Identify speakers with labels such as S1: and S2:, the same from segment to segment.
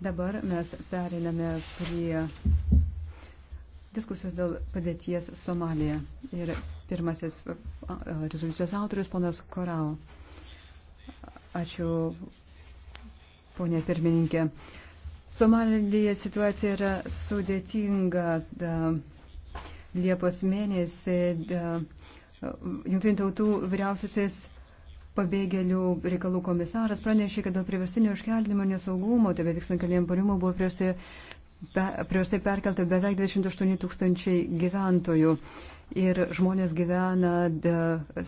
S1: Dabar mes periname prie diskusijos dėl padėties Somalija. Ir pirmasis rezoliucijos autorius, ponas Korau. Ačiū, ponė pirmininkė. Somalija situacija yra sudėtinga. Da, Liepos mėnesį da, Junktinių tautų vyriausiasis pabėgėlių reikalų komisaras pranešė, kad dėl priverstinio iškeldinimo nesaugumo, tebe tai vykstant kalėjimo parimų, buvo priversti be, prieš tai perkelta beveik 28 tūkstančiai gyventojų. Ir žmonės gyvena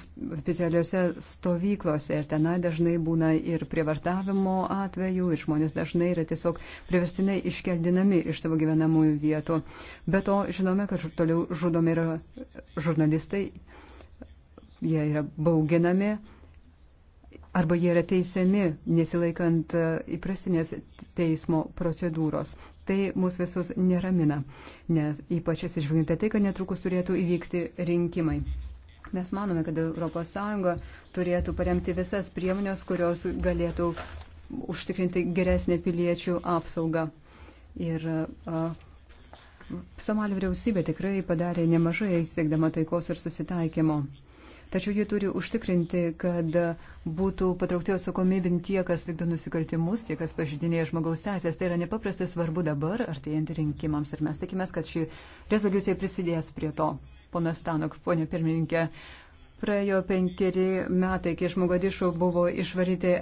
S1: specialiuose stovyklose ir tenai dažnai būna ir prievartavimo atvejų, ir žmonės dažnai yra tiesiog privestinai iškeldinami iš savo gyvenamųjų vietų. Be to žinome, kad toliau žudomi yra žurnalistai, jie yra bauginami arba jie yra teisiami nesilaikant e, įprastinės teismo procedūros. Tai mūsų visus neramina, nes ypač atsižvelgiant tai, kad netrukus turėtų įvykti rinkimai. Mes manome, kad ES turėtų paremti visas priemonės, kurios galėtų užtikrinti geresnę piliečių apsaugą. Ir uh, Somalio vyriausybė tikrai padarė nemažai siekdama taikos ir susitaikymo. Uh, Tačiau jie turi užtikrinti, kad būtų patraukti atsakomybin tie, kas vykdo nusikaltimus, tie, kas pažydinėja žmogaus teisės. Tai yra nepaprastai svarbu dabar, artėjant rinkimams. Ir mes tikimės, kad ši rezoliucija prisidės prie to. Ponas Stanok, ponė pirmininkė, Praėjo penkeri metai, kai iš Mogadišo buvo išvaryti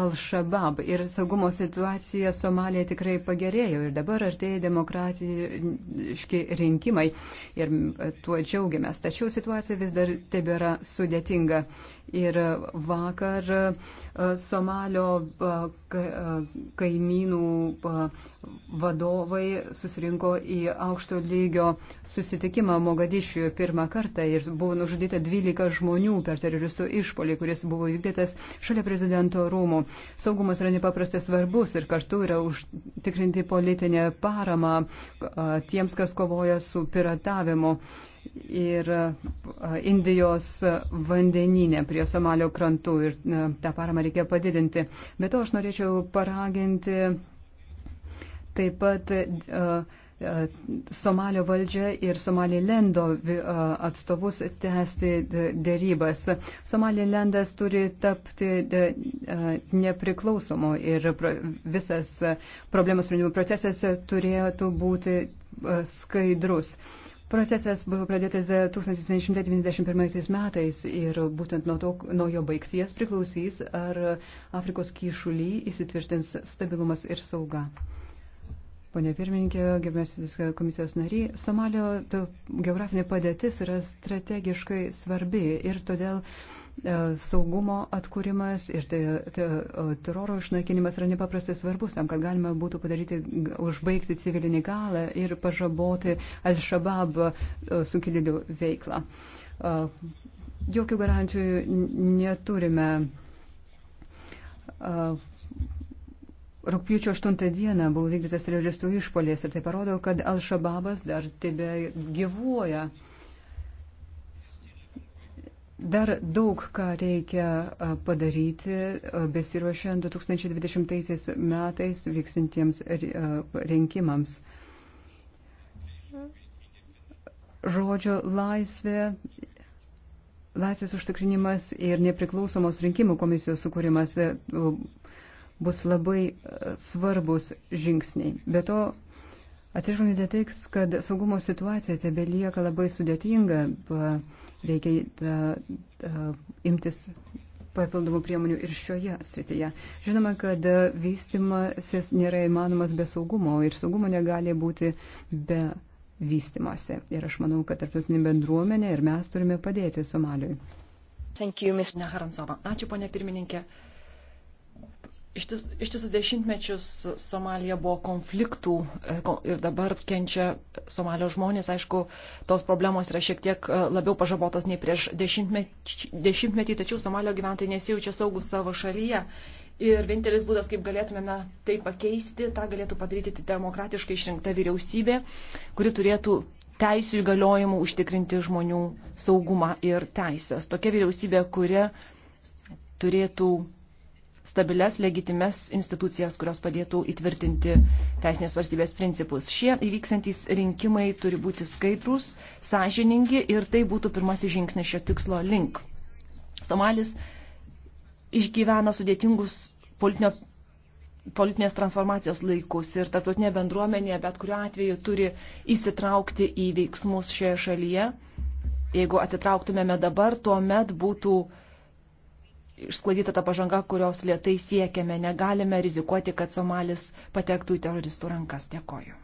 S1: Al-Shabaab ir saugumo situacija Somalija tikrai pagerėjo ir dabar artėja demokratiški rinkimai ir tuo džiaugiamės. Tačiau situacija vis dar tebėra sudėtinga Ir vakar e, Somalio e, e, kaimynų vadovai susirinko į aukšto lygio susitikimą Mogadišiuje pirmą kartą ir buvo nužudyta 12 žmonių per teroristų išpolį, kuris buvo vykdytas šalia prezidento rūmų. Saugumas yra nepaprastai svarbus ir kartu yra užtikrinti politinę paramą tiems, kas kovoja su piratavimu ir e, Indijos vandeninė prie Somalio krantų ir e, tą paramą reikia padidinti. Bet to aš norėčiau paraginti taip pat e, Somalio valdžią ir Somalilendo atstovus tęsti dėrybas. Somalilendas turi tapti nepriklausomu ir visas problemų sprendimų procesas turėtų būti skaidrus. Procesas buvo pradėtas 1991 metais ir būtent nuo, to, nuo jo baigties priklausys, ar Afrikos kyšulį įsitvirtins stabilumas ir sauga. Pone pirmininkė, gerbėsis komisijos nariai, Somalio geografinė padėtis yra strategiškai svarbi ir todėl uh, E, saugumo atkūrimas ir e, teroro išnaikinimas yra nepaprastai svarbus tam, kad galima būtų padaryti, užbaigti civilinį galą ir pažaboti Al-Shabaab e, sukilėlių veiklą. Jokių garantijų neturime. Rūpiučio 8 dieną buvo vykdytas teroristų išpolės ir tai parodo, kad Al-Shababas dar tebe gyvuoja. Uh, Dar daug ką reikia padaryti besiruošiant 2020 metais vyksintiems rinkimams. Žodžio laisvė, laisvės užtikrinimas ir nepriklausomos rinkimų komisijos sukūrimas e, bus labai e, svarbus žingsniai. Be to, atsižvelgiant į tai, kad saugumo situacija tebelieka labai sudėtinga. Pa, reikia da, da, imtis papildomų priemonių ir šioje srityje. Žinoma, kad vystimasis nėra įmanomas be saugumo ir saugumo negali būti be vystimasi. Ir aš manau, kad tarptautinė bendruomenė ir mes turime padėti Somaliui.
S2: Thank you, Ms. Naharansova. Ačiū, ponė pirmininkė. Ištis, ištisus dešimtmečius Somalija buvo konfliktų e, ir dabar kenčia Somalio žmonės. Aišku, tos problemos yra šiek tiek e, labiau pažabotos nei prieš dešimtmetį, dešimtmetį tačiau Somalio gyventojai nesijaučia saugus savo šalyje. Ir vienintelis būdas, kaip galėtumėme tai pakeisti, tą galėtų padaryti demokratiškai išrinkta vyriausybė, kuri turėtų teisų įgaliojimų užtikrinti žmonių saugumą ir teisės. Tokia vyriausybė, kuria turėtų stabilias, legitimes institucijas, kurios padėtų įtvirtinti teisinės valstybės principus. Šie įvyksantys rinkimai turi būti skaidrus, sąžiningi ir tai būtų pirmasis žingsnis šio tikslo link. Somalis išgyvena sudėtingus politinio, politinės transformacijos laikus ir tarptautinė bendruomenė bet kuriuo atveju turi įsitraukti į veiksmus šioje šalyje. Jeigu atsitrauktumėme dabar, tuomet būtų uh, išsklaidyta ta pažanga, kurios lietai siekiame. Negalime rizikuoti, kad Somalis patektų į teroristų rankas. Dėkoju.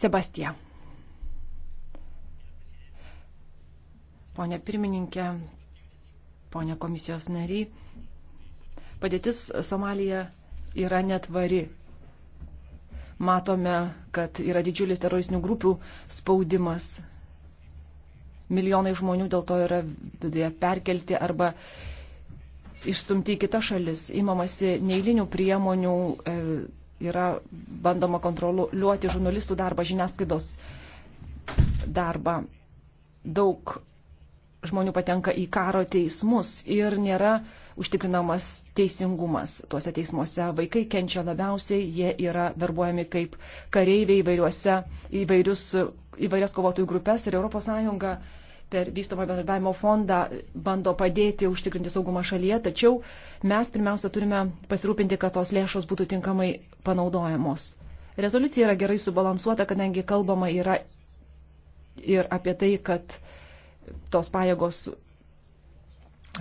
S2: Sebastija. Pone pirmininkė, pone komisijos nariai, padėtis Somalija yra netvari. Matome, kad yra didžiulis teroristinių grupių spaudimas milijonai žmonių dėl to yra perkelti arba išstumti į kitas šalis. Įmamasi neįlinių priemonių, e, yra bandoma kontroliuoti žurnalistų darbą, žiniasklaidos darbą. Daug žmonių patenka į karo teismus ir nėra užtikrinamas teisingumas. Tuose teismuose vaikai kenčia labiausiai, jie yra darbuojami kaip kareiviai įvairiuose, įvairius, įvairias kovotojų grupės ir ES per vystomą bendradarbiavimo fondą bando padėti užtikrinti saugumą šalyje, tačiau mes pirmiausia turime pasirūpinti, kad tos lėšos būtų tinkamai panaudojamos. Rezoliucija yra gerai subalansuota, kadangi kalbama yra ir apie tai, kad tos pajėgos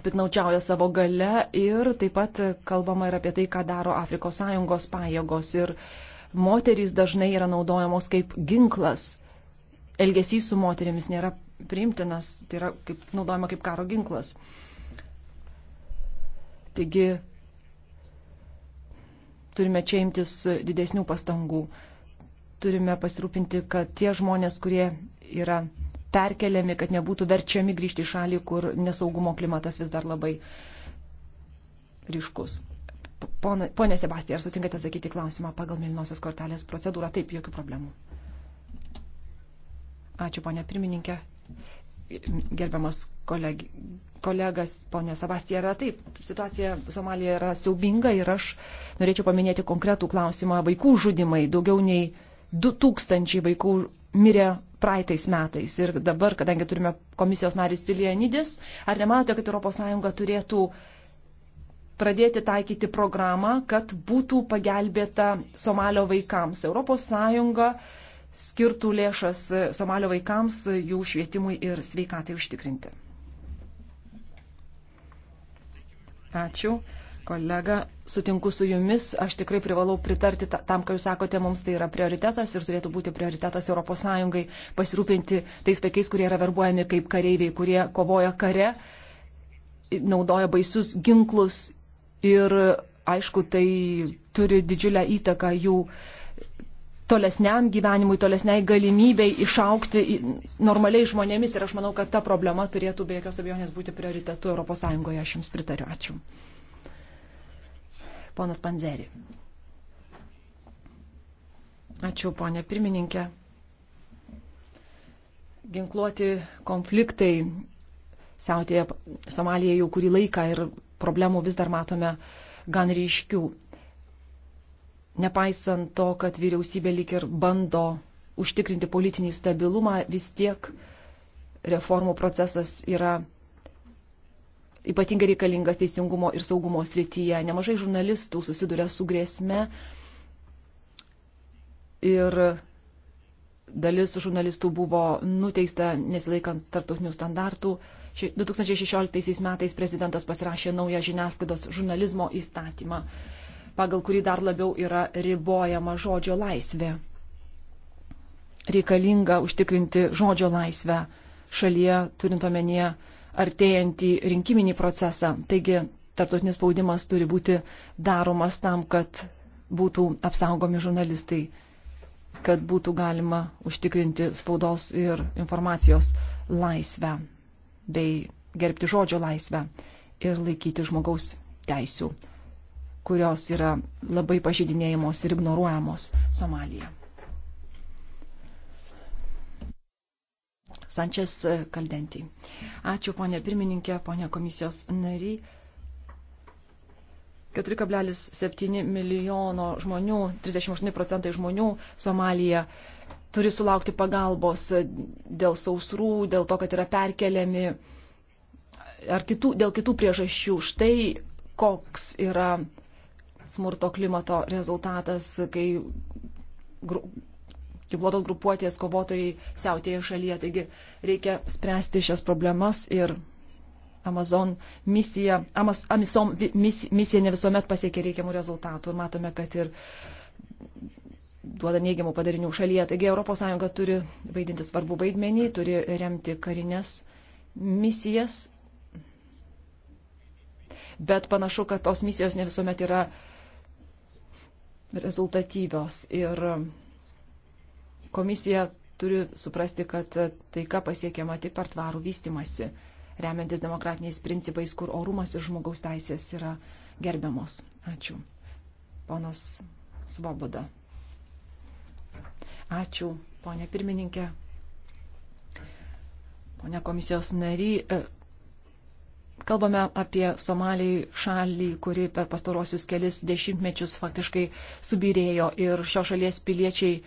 S2: piknaučiauja savo gale ir taip pat kalbama ir apie tai, ką daro Afrikos Sąjungos pajėgos. Ir moterys dažnai yra naudojamos kaip ginklas elgesys su moterimis nėra priimtinas, tai yra kaip, naudojama kaip karo ginklas. Taigi turime čia imtis didesnių pastangų. Turime pasirūpinti, kad tie žmonės, kurie yra perkeliami, kad nebūtų verčiami grįžti į šalį, kur nesaugumo klimatas vis dar labai ryškus. Pone, pone Sebastija, ar sutinkate atsakyti klausimą pagal Milinosios kortelės procedūrą? Taip, jokių problemų. Ačiū, ponė pirmininkė gerbiamas koleg, kolegas, ponė Sebastija, yra taip, situacija Somalija yra siaubinga ir aš norėčiau paminėti konkretų klausimą vaikų žudimai. Daugiau nei 2000 vaikų mirė praeitais metais ir dabar, kadangi turime komisijos narys Tilianidis, ar nematote, kad ES turėtų pradėti taikyti programą, kad būtų pagelbėta Somalio vaikams? ES skirtų lėšas Somalio vaikams, jų švietimui ir sveikatai užtikrinti. Ačiū. Kolega, sutinku su jumis, aš tikrai privalau pritarti tam, ką jūs sakote, mums tai yra prioritetas ir turėtų būti prioritetas ES pasirūpinti tais vaikais, kurie yra verbuojami kaip kareiviai, kurie kovoja kare, naudoja baisius ginklus ir aišku, tai turi didžiulę įtaką jų tolesniam gyvenimui, tolesniai galimybei išaukti normaliai žmonėmis. Ir aš manau, kad ta problema turėtų be jokios abejonės būti prioritetu ES. Aš Jums pritariu. Ačiū. Ponas Panzeri. Ačiū, ponė pirmininkė. Ginkluoti konfliktai siautėje Somalijoje jau kurį laiką ir problemų vis dar matome gan ryškių nepaisant to, kad vyriausybė lik ir bando užtikrinti politinį stabilumą, vis tiek reformų procesas yra ypatingai reikalingas teisingumo ir saugumo srityje. Nemažai žurnalistų susiduria su grėsme ir dalis žurnalistų buvo nuteista nesilaikant tarptautinių standartų. 2016 metais prezidentas pasirašė naują žiniasklaidos žurnalizmo įstatymą pagal kurį dar labiau yra ribojama žodžio laisvė. Reikalinga užtikrinti žodžio laisvę šalyje, turint omenyje artėjantį rinkiminį procesą. Taigi, tarptautinis spaudimas turi būti daromas tam, kad būtų apsaugomi žurnalistai, kad būtų galima užtikrinti spaudos ir informacijos laisvę bei gerbti žodžio laisvę ir laikyti žmogaus teisų kurios yra labai pažydinėjamos ir ignoruojamos Somalija. Sančias Kaldentį. Ačiū, ponė pirmininkė, ponė komisijos nariai. 4,7 milijono žmonių, 38 procentai žmonių Somalija turi sulaukti pagalbos dėl sausrų, dėl to, kad yra perkeliami ar kitų, dėl kitų priežasčių. Štai koks yra smurto klimato rezultatas, kai gru, ginkluotos grupuotės kovotojai siautėja šalyje. Taigi reikia spręsti šias problemas ir Amazon misija, Amaz, Amazon mis, misija ne visuomet pasiekia reikiamų rezultatų ir matome, kad ir duoda neigiamų padarinių šalyje. Taigi ES turi vaidinti svarbu vaidmenį, turi remti karinės misijas, bet panašu, kad tos misijos ne visuomet yra rezultatyvios. Ir komisija turi suprasti, kad taika pasiekiama tik per tvarų vystimasi, remiantis demokratiniais principais, kur orumas ir žmogaus teisės yra gerbiamos. Ačiū. Ponas Svoboda. Ačiū, ponė pirmininkė. Pone komisijos nary, e, Kalbame apie Somalijai šalį, kuri per pastarosius kelis dešimtmečius faktiškai subirėjo ir šios šalies piliečiai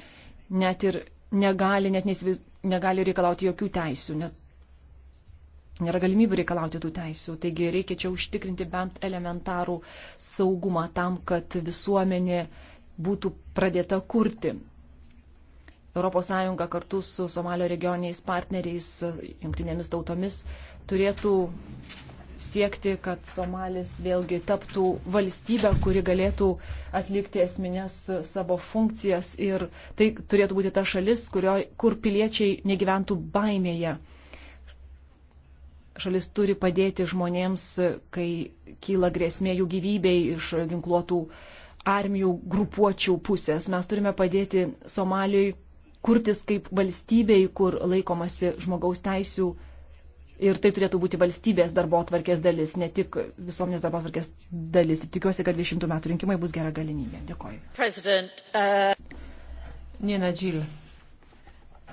S2: net ir negali, net nesviz, negali reikalauti jokių teisių, net nėra galimybių reikalauti tų teisių. Taigi reikia čia užtikrinti bent elementarų saugumą tam, kad visuomenė būtų pradėta kurti. ES kartu su Somalio regioniais partneriais, jungtinėmis tautomis turėtų siekti, kad Somalis vėlgi taptų valstybę, kuri galėtų atlikti esminės savo funkcijas ir tai turėtų būti ta šalis, kurio, kur piliečiai negyventų baimėje. Šalis turi padėti žmonėms, kai kyla grėsmė jų gyvybei iš ginkluotų armijų grupuočių pusės. Mes turime padėti Somalijai kurtis kaip valstybei, kur laikomasi žmogaus teisų Ir tai turėtų būti valstybės darbo atvarkės dalis, ne tik visuomenės darbo atvarkės dalis. Ir tikiuosi, kad 20 metų rinkimai bus gera galimybė. Dėkoju.
S3: Uh... Nina Džil.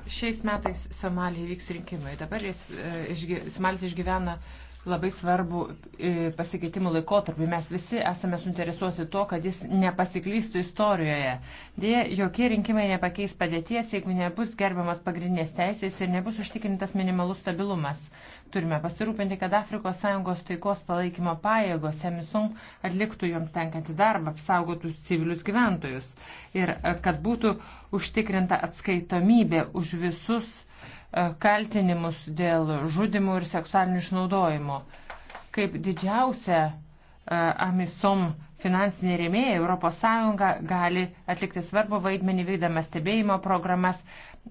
S3: Šiais metais Somalija vyks rinkimai. Dabar jis, e, išgy, Somalis išgyvena labai svarbu e, pasikeitimų laikotarpį. Mes visi esame suinteresuoti to, kad jis nepasiklystų istorijoje. Dėja, jokie rinkimai nepakeis padėties, jeigu nebus gerbiamas pagrindinės teisės ir nebus užtikrintas minimalus stabilumas. Turime pasirūpinti, kad Afrikos Sąjungos taikos palaikymo pajėgos Semisung atliktų joms tenkantį darbą, apsaugotų civilius gyventojus ir e, kad būtų užtikrinta atskaitomybė už visus e, kaltinimus dėl žudimų ir seksualinių išnaudojimų. Kaip didžiausia e, Amisom finansinė rėmėja ES gali atlikti svarbu vaidmenį vykdama stebėjimo programas,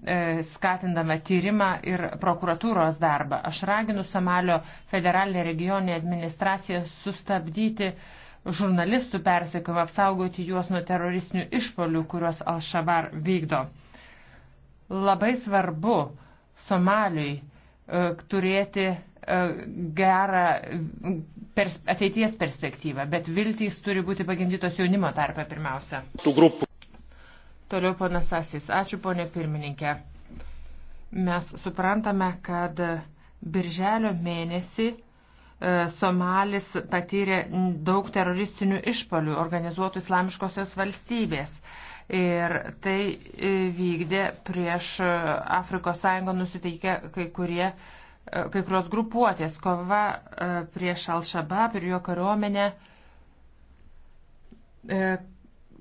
S3: E, skatindama tyrimą ir prokuratūros darbą. Aš raginu Somalio federalinę regioninę administraciją sustabdyti žurnalistų persekiojimą, apsaugoti juos nuo teroristinių išpolių, kuriuos Al-Shabar vykdo. Labai svarbu Somaliui e, turėti e, gerą pers ateities perspektyvą, bet viltys turi būti pagimdytos jaunimo tarpe pirmiausia. Toliau ponas Asis. Ačiū ponė pirmininkė. Mes suprantame, kad birželio mėnesį e, Somalis patyrė daug teroristinių išpolių organizuotų islamiškosios valstybės. Ir tai e, vykdė prieš e, Afrikos Sąjungą nusiteikę kai, kurie, kai kurios grupuotės. Kova prieš Al-Shabaab ir jo kariuomenę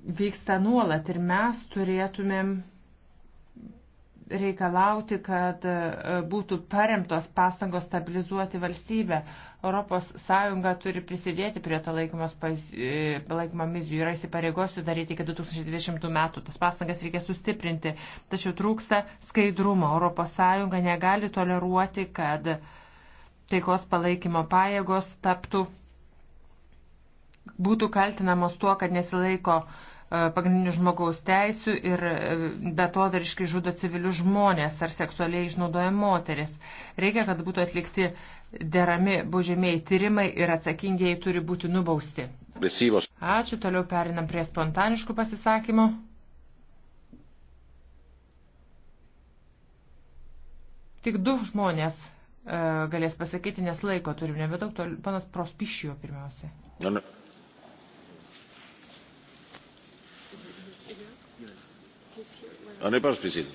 S3: vyksta nuolat ir mes turėtumėm reikalauti, kad e, būtų paremtos pastangos stabilizuoti valstybę. ES turi prisidėti prie to laikymo e, mizijų ir įsipareigosiu daryti iki 2020 metų. Tas pastangas reikia sustiprinti, tačiau trūksta skaidrumo. ES negali toleruoti, kad taikos palaikymo pajėgos taptų, būtų kaltinamos tuo, kad nesilaiko uh, E, pagrindinių žmogaus teisių ir e, betodariškai žudo civilius žmonės ar seksualiai išnaudoja moteris. Reikia, kad būtų atlikti derami baudžiamieji tyrimai ir atsakingieji turi būti nubausti. Besyvos. Ačiū, toliau perinam prie spontaniškų pasisakymų. Tik du žmonės e, galės pasakyti, nes laiko turime nebedaug. Panas Prospišijo pirmiausia.
S2: Na, na. pane předsedající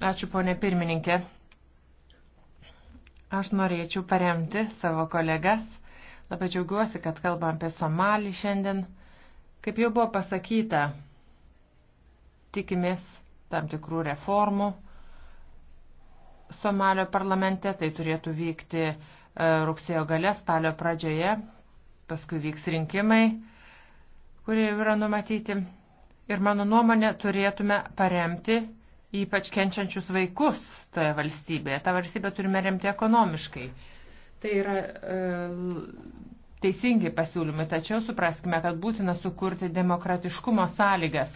S3: ačiū pone pirmininke aš norėčiau paremti savo kolegas labai džiaugiuosi kad kalbam apie somalį šiandien kaip jau buvo pasakyta tikimės tam tikrų reformų somalio parlamente tai turėtų vykti e, rugsėjo gale spalio pradžioje paskui vyks rinkimai, kurie yra numatyti. Ir mano nuomonė, turėtume paremti ypač kenčiančius vaikus toje valstybėje. Ta valstybė turime remti ekonomiškai. Tai yra e, teisingi pasiūlymai, tačiau supraskime, kad būtina sukurti demokratiškumo sąlygas.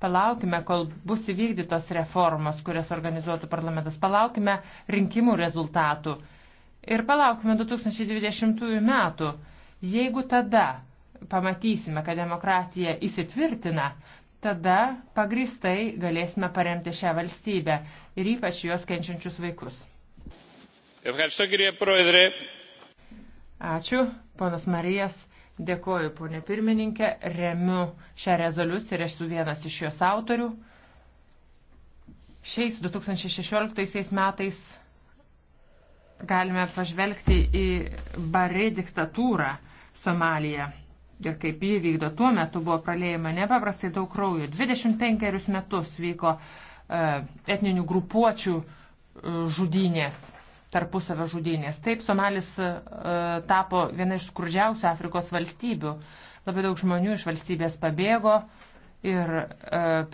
S3: Palaukime, kol bus įvykdytos reformos, kurias organizuotų parlamentas. Palaukime rinkimų rezultatų. Ir palaukime 2020 metų Jeigu tada pamatysime, kad demokratija įsitvirtina, tada pagristai galėsime paremti šią valstybę ir ypač juos kenčiančius vaikus. Ačiū, ponas Marijas, dėkoju, ponė pirmininkė, remiu šią rezoliuciją ir esu vienas iš jos autorių. Šiais 2016 metais galime pažvelgti į barį diktatūrą Somalija. Ir kaip jį vykdo, tuo metu buvo praleima nepaprastai daug kraujo. 25 metus vyko e, etninių grupuočių e, žudynės, tarpusavio žudynės. Taip Somalis e, tapo viena iš skurdžiausių Afrikos valstybių. Labai daug žmonių iš valstybės pabėgo ir e,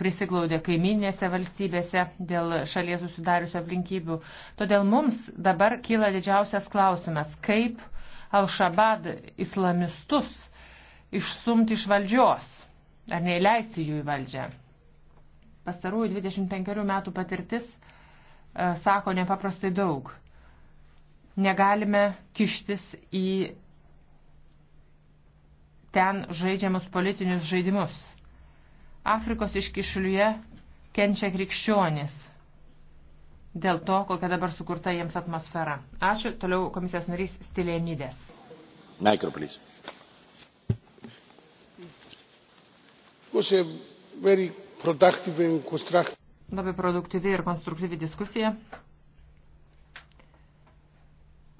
S3: prisiglaudė kaiminėse valstybėse dėl šalies susidariusių aplinkybių. Todėl mums dabar kyla didžiausias klausimas, kaip e, Al-Shabab islamistus išsumti iš valdžios ar neįleisti jų į valdžią. Pastarųjų 25 metų patirtis e, sako nepaprastai daug. Negalime kištis į ten žaidžiamus politinius žaidimus. Afrikos iškišuliuje kenčia krikščionis, dėl to, kokia dabar sukurta jiems atmosfera. Ačiū. Toliau komisijos narys Stilienydės. Mikroplys. Labai produktyvi ir konstruktyvi diskusija.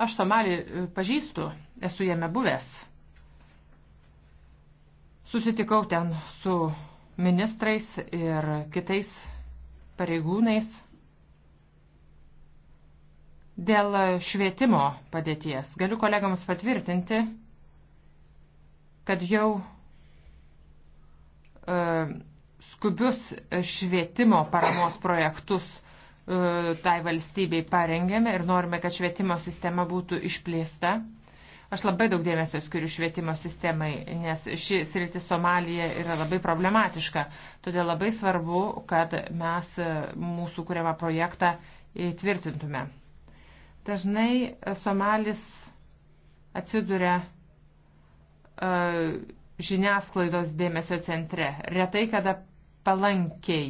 S3: Aš Somalį e, pažįstu, esu jame buvęs. Susitikau ten su ministrais ir kitais pareigūnais Dėl švietimo padėties galiu kolegams patvirtinti, kad jau e, skubius švietimo paramos projektus e, tai valstybei parengėme ir norime, kad švietimo sistema būtų išplėsta. Aš labai daug dėmesio skiriu švietimo sistemai, nes ši sritis Somalija yra labai problematiška. Todėl labai svarbu, kad mes e, mūsų kuriamą projektą įtvirtintume. Dažnai e, Somalis atsiduria uh, žiniasklaidos dėmesio centre, retai kada palankiai.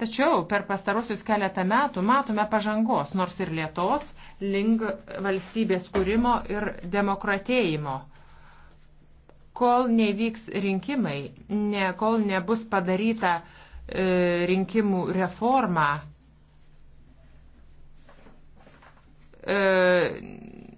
S3: Tačiau per pastarusius keletą metų matome pažangos, nors ir lietos, link valstybės kūrimo ir demokratėjimo. Kol nevyks rinkimai, ne, kol nebus padaryta e, rinkimų reforma, E,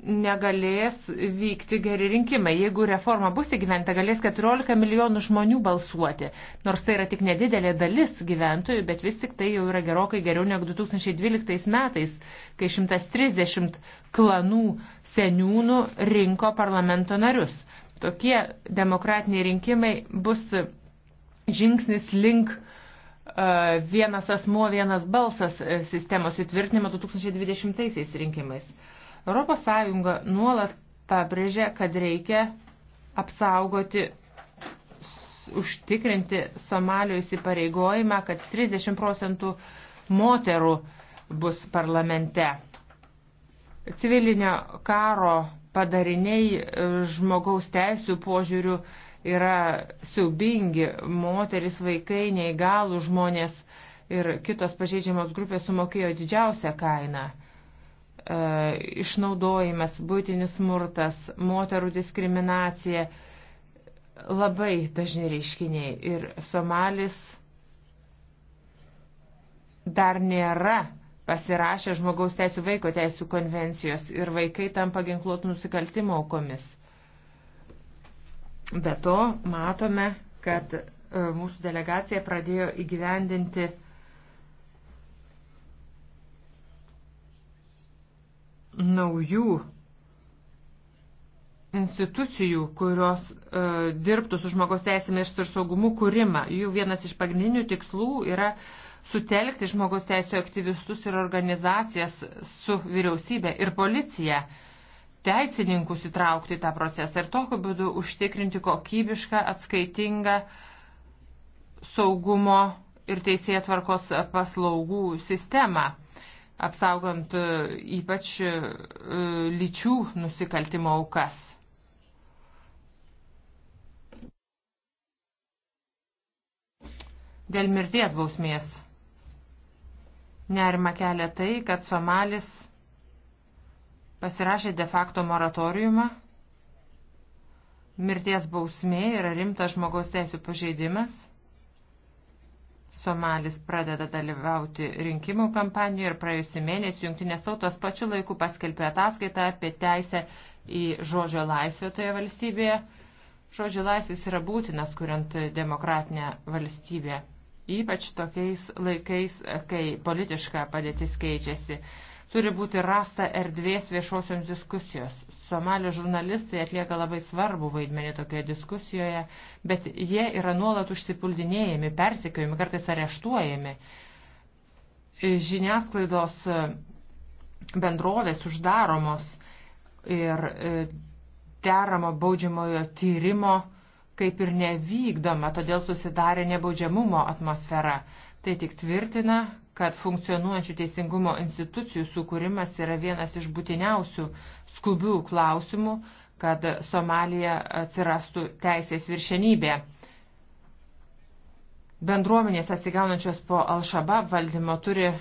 S3: negalės vykti geri rinkimai. Jeigu reforma bus įgyventa, galės 14 milijonų žmonių balsuoti. Nors tai yra tik nedidelė dalis gyventojų, bet vis tik tai jau yra gerokai geriau negu 2012 metais, kai 130 klanų seniūnų rinko parlamento narius. Tokie demokratiniai rinkimai bus žingsnis link uh, E, vienas asmuo, vienas balsas e, sistemos įtvirtinimo 2020 rinkimais. ES nuolat pabrėžia, kad reikia apsaugoti, užtikrinti Somalio įsipareigojimą, kad 30 procentų moterų bus parlamente. Civilinio karo padariniai e, žmogaus teisų požiūrių yra siubingi moteris, vaikai, neįgalų žmonės ir kitos pažeidžiamos grupės sumokėjo didžiausią kainą. E, išnaudojimas, būtinis smurtas, moterų diskriminacija labai dažni reiškiniai ir Somalis dar nėra pasirašę žmogaus teisų vaiko teisų konvencijos ir vaikai tampa ginkluotų nusikaltimo aukomis. Be to matome, kad e, mūsų delegacija pradėjo įgyvendinti naujų institucijų, kurios e, dirbtų su žmogaus teisėmis ir saugumu kūrimą. Jų vienas iš pagrindinių tikslų yra sutelkti žmogaus teisų aktyvistus ir organizacijas su vyriausybė ir policija. E, teisininkus įtraukti tą procesą ir tokiu būdu užtikrinti kokybišką, atskaitingą saugumo ir teisėtvarkos paslaugų sistemą, apsaugant e, ypač e, lyčių nusikaltimo aukas. Dėl mirties bausmės. Nerima kelia tai, kad Somalis pasirašė de facto moratoriumą. Mirties bausmė yra rimtas žmogaus teisų pažeidimas. Somalis pradeda dalyvauti rinkimų kampanijoje ir praėjusį mėnesį Junktinės tautos pačiu laiku paskelbė ataskaitą apie teisę į žodžio laisvę toje valstybėje. Žodžio laisvės yra būtinas, kuriant demokratinę valstybę, ypač tokiais laikais, kai politiška padėtis keičiasi. Turi būti rasta erdvės viešosioms diskusijos. Somalio žurnalistai atlieka labai svarbų vaidmenį tokioje diskusijoje, bet jie yra nuolat užsipuldinėjami, persikiojami, kartais areštuojami. Žiniasklaidos e, bendrovės uždaromos ir e, deramo baudžiamojo tyrimo kaip ir nevykdoma, todėl susidarė nebaudžiamumo atmosfera. Tai tik tvirtina, kad funkcionuojančių teisingumo institucijų sukūrimas yra vienas iš būtiniausių skubių klausimų, kad Somalija atsirastų teisės viršenybė. Bendruomenės atsigaunančios po Al-Shabaab valdymo turi e,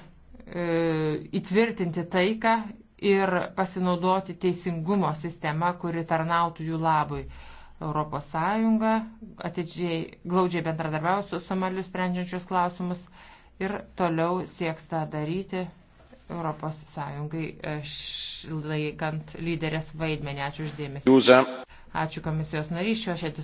S3: įtvirtinti taiką ir pasinaudoti teisingumo sistemą, kuri tarnautų jų labui. Europos Sąjunga atidžiai glaudžiai bendradarbiaus su Somaliu sprendžiančius klausimus ir toliau sieks tą daryti Europos Sąjungai e, laikant lyderės vaidmenį. Ačiū uždėmesi. Ačiū komisijos narys.